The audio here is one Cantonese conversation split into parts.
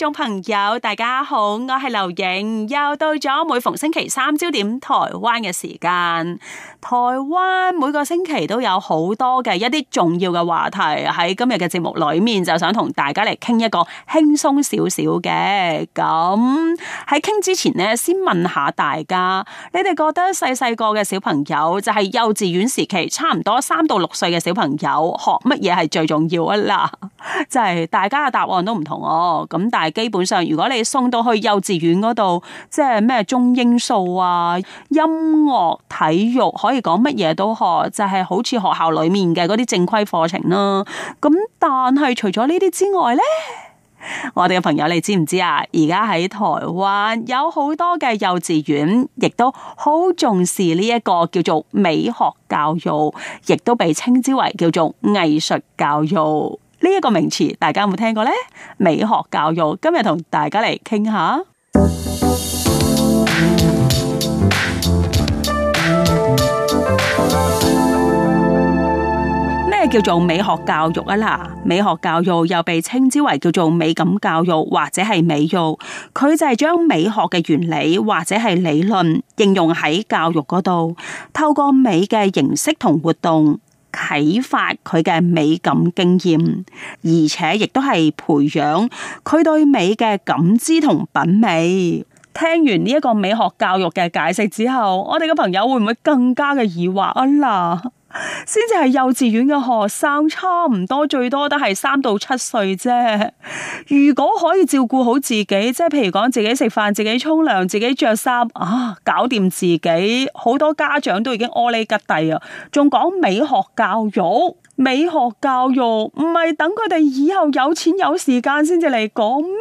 聽眾朋友，大家好，我係劉瑩，又到咗每逢星期三焦點台灣嘅時間。台灣每個星期都有好多嘅一啲重要嘅話題，喺今日嘅節目裏面，就想同大家嚟傾一個輕鬆少少嘅。咁喺傾之前呢，先問下大家，你哋覺得細細個嘅小朋友，就係幼稚園時期，差唔多三到六歲嘅小朋友，學乜嘢係最重要啊啦？就係大家嘅答案都唔同哦、啊。咁但係基本上，如果你送到去幼稚園嗰度，即係咩中英數啊、音樂、體育，可以講乜嘢都學，就係、是、好似學校裏面嘅嗰啲正規課程啦、啊。咁但係除咗呢啲之外呢，我哋嘅朋友你知唔知啊？而家喺台灣有好多嘅幼稚園，亦都好重視呢一個叫做美學教育，亦都被稱之為叫做藝術教育。呢一個名詞，大家有冇聽過呢？美學教育今日同大家嚟傾下。咩叫做美學教育啊？啦，美學教育又被稱之為叫做美感教育或者係美育，佢就係將美學嘅原理或者係理論應用喺教育嗰度，透過美嘅形式同活動。啟發佢嘅美感經驗，而且亦都係培養佢對美嘅感知同品味。聽完呢一個美學教育嘅解釋之後，我哋嘅朋友會唔會更加嘅疑惑啊啦？先至係幼稚園嘅學生，差唔多最多都係三到七歲啫。如果可以照顧好自己，即係譬如講自己食飯、自己沖涼、自己着衫，啊，搞掂自己，好多家長都已經阿哩吉地啊。仲講美學教育，美學教育唔係等佢哋以後有錢有時間先至嚟講咩？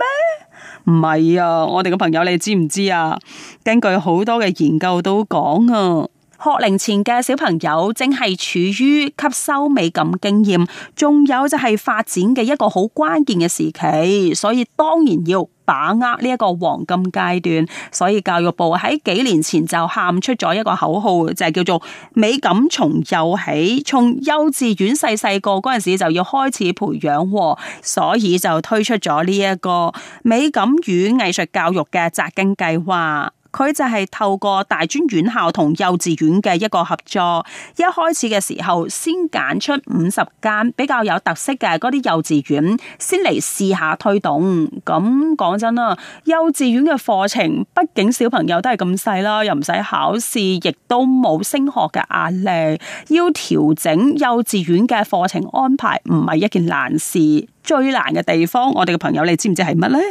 唔係啊！我哋嘅朋友，你知唔知啊？根據好多嘅研究都講啊。學齡前嘅小朋友正係處於吸收美感經驗，仲有就係發展嘅一個好關鍵嘅時期，所以當然要把握呢一個黃金階段。所以教育部喺幾年前就喊出咗一個口號，就係叫做美感從幼起，從幼稚園細細個嗰陣時就要開始培養，所以就推出咗呢一個美感與藝術教育嘅扎根計劃。佢就係透過大專院校同幼稚園嘅一個合作，一開始嘅時候先揀出五十間比較有特色嘅嗰啲幼稚園，先嚟試下推動。咁講真啦，幼稚園嘅課程，畢竟小朋友都係咁細啦，又唔使考試，亦都冇升學嘅壓力，要調整幼稚園嘅課程安排，唔係一件難事。最難嘅地方，我哋嘅朋友，你知唔知係乜咧？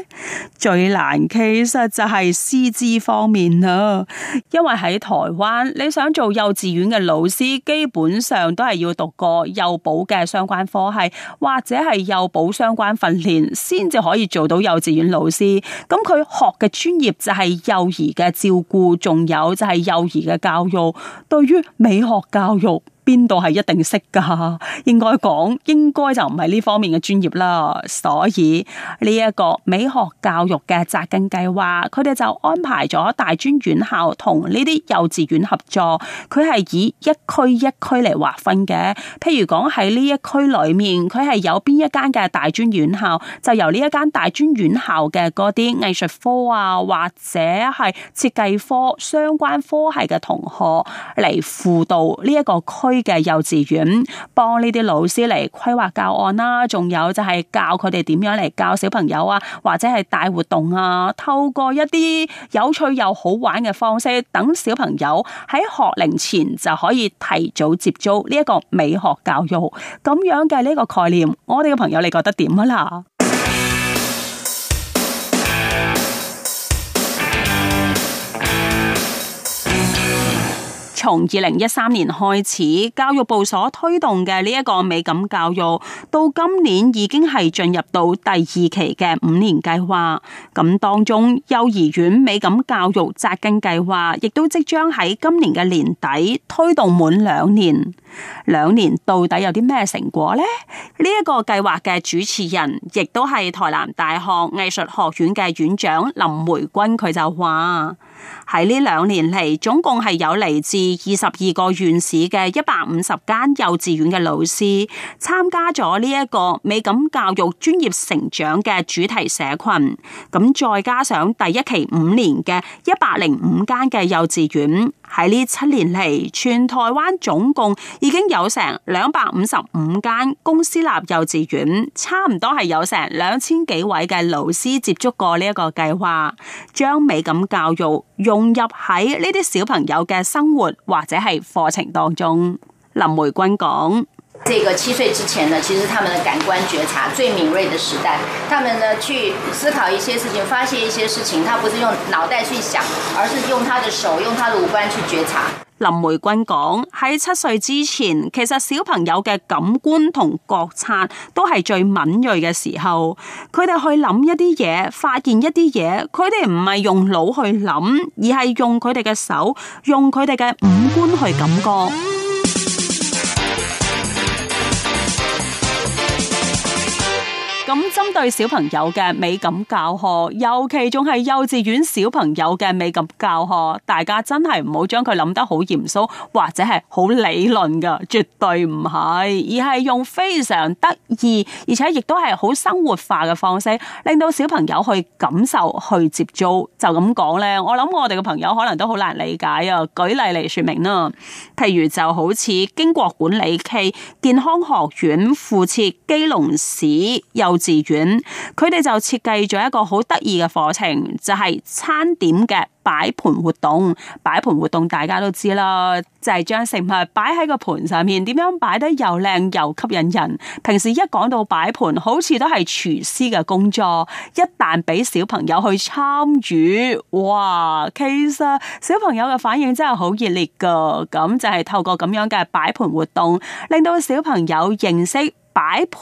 最難其實就係師資方面啦，因為喺台灣，你想做幼稚園嘅老師，基本上都係要讀過幼保嘅相關科系，或者係幼保相關訓練，先至可以做到幼稚園老師。咁佢學嘅專業就係幼兒嘅照顧，仲有就係幼兒嘅教育，對於美學教育。邊度係一定識噶？應該講應該就唔係呢方面嘅專業啦。所以呢一個美學教育嘅扎根計劃，佢哋就安排咗大專院校同呢啲幼稚園合作。佢係以一區一區嚟劃分嘅。譬如講，喺呢一區裏面，佢係有邊一間嘅大專院校，就由呢一間大專院校嘅嗰啲藝術科啊，或者係設計科相關科系嘅同學嚟輔導呢一個區。幼稚園幫呢啲老師嚟規劃教案啦，仲有就係教佢哋點樣嚟教小朋友啊，或者係大活動啊，透過一啲有趣又好玩嘅方式，等小朋友喺學齡前就可以提早接觸呢一個美學教育，咁樣嘅呢個概念，我哋嘅朋友你覺得點啊啦？從二零一三年開始，教育部所推動嘅呢一個美感教育，到今年已經係進入到第二期嘅五年計劃。咁當中，幼兒園美感教育扎根計劃亦都即將喺今年嘅年底推動滿兩年。兩年到底有啲咩成果呢？呢一個計劃嘅主持人，亦都係台南大學藝術學院嘅院長林梅君，佢就話。喺呢兩年嚟，總共係有嚟自二十二個縣市嘅一百五十間幼稚園嘅老師，參加咗呢一個美感教育專業成長嘅主題社群。咁再加上第一期五年嘅一百零五間嘅幼稚園。喺呢七年嚟，全台灣總共已經有成兩百五十五間公私立幼稚園，差唔多係有成兩千幾位嘅老師接觸過呢一個計劃，將美感教育融入喺呢啲小朋友嘅生活或者係課程當中。林梅君講。這個七歲之前呢，其實他們的感官覺察最敏銳的時代，他們呢去思考一些事情，發現一些事情，他不是用腦袋去想，而是用他的手，用他的五官去覺察。林梅君講喺七歲之前，其實小朋友嘅感官同覺察都係最敏銳嘅時候，佢哋去諗一啲嘢，發現一啲嘢，佢哋唔係用腦去諗，而係用佢哋嘅手，用佢哋嘅五官去感覺。咁針對小朋友嘅美感教學，尤其仲係幼稚園小朋友嘅美感教學，大家真係唔好將佢諗得好嚴肅或者係好理論㗎，絕對唔係，而係用非常得意而且亦都係好生活化嘅方式，令到小朋友去感受去接觸。就咁講呢，我諗我哋嘅朋友可能都好難理解啊！舉例嚟說明啦，譬如就好似經國管理暨健康學院附設基隆市幼。自願，佢哋就設計咗一個好得意嘅課程，就係、是、餐點嘅擺盤活動。擺盤活動大家都知啦，就係、是、將食物擺喺個盤上面，點樣擺得又靚又吸引人。平時一講到擺盤，好似都係廚師嘅工作。一旦俾小朋友去參與，哇！其實、啊、小朋友嘅反應真係好熱烈噶。咁就係透過咁樣嘅擺盤活動，令到小朋友認識。擺盤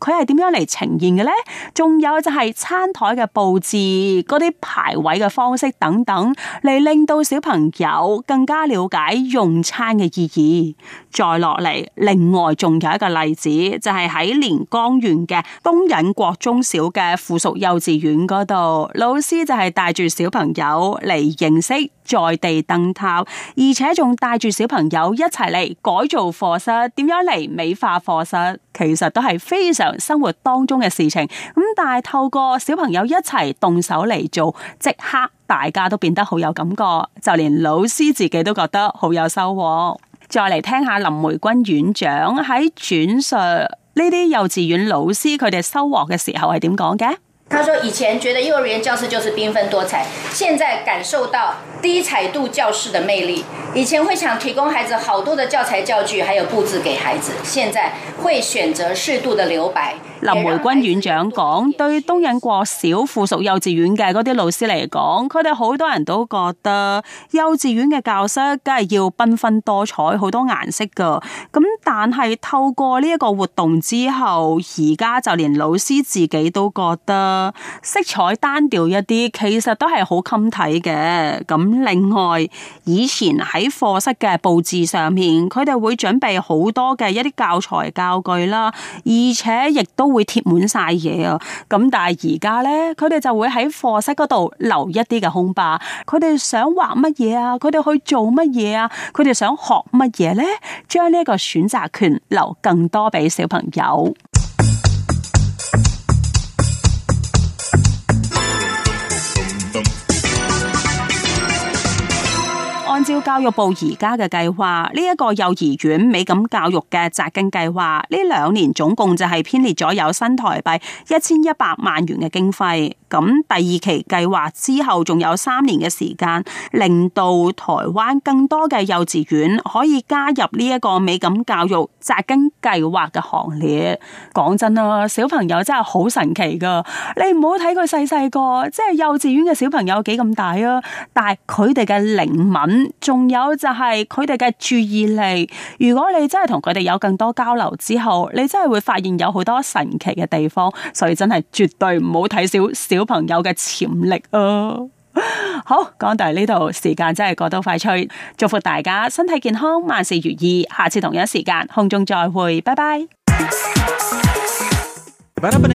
佢係點樣嚟呈現嘅呢？仲有就係餐台嘅布置、嗰啲排位嘅方式等等，嚟令到小朋友更加了解用餐嘅意義。再落嚟，另外仲有一個例子，就係喺連江縣嘅東引國中小嘅附屬幼稚園嗰度，老師就係帶住小朋友嚟認識在地燈塔，而且仲帶住小朋友一齊嚟改造課室，點樣嚟美化課室，其實都係非常生活當中嘅事情。咁但係透過小朋友一齊動手嚟做，即刻大家都變得好有感覺，就連老師自己都覺得好有收穫。再嚟聽下林梅君院長喺轉述呢啲幼稚園老師，佢哋收穫嘅時候，係點講嘅？他說：以前覺得幼兒園教室就是繽紛多彩，現在感受到低彩度教室的魅力。以前會想提供孩子好多的教材教具，還有布置給孩子，現在會選擇適度的留白。林梅君院長講：對東引國小附屬幼稚園嘅嗰啲老師嚟講，佢哋好多人都覺得幼稚園嘅教室梗係要繽紛多彩，好多顏色噶。咁但係透過呢一個活動之後，而家就連老師自己都覺得。色彩單調一啲，其實都係好襟睇嘅。咁另外，以前喺課室嘅布置上面，佢哋會準備好多嘅一啲教材教具啦，而且亦都會貼滿晒嘢啊。咁但係而家呢，佢哋就會喺課室嗰度留一啲嘅空白。佢哋想畫乜嘢啊？佢哋去做乜嘢啊？佢哋想學乜嘢呢？將呢一個選擇權留更多俾小朋友。按照教育部而家嘅計劃，呢一個幼兒園美感教育嘅扎根計劃，呢兩年總共就係編列咗有新台幣一千一百萬元嘅經費。咁第二期計劃之後，仲有三年嘅時間，令到台灣更多嘅幼稚園可以加入呢一個美感教育扎根計劃嘅行列。講真啊，小朋友真係好神奇噶，你唔好睇佢細細個，即係幼稚園嘅小朋友幾咁大啊，但係佢哋嘅靈敏。仲有就係佢哋嘅注意力。如果你真係同佢哋有更多交流之後，你真係會發現有好多神奇嘅地方。所以真係絕對唔好睇小小朋友嘅潛力啊！好，講到呢度，時間真係過得快趣。祝福大家身體健康，萬事如意。下次同一時間，空中再會，拜拜。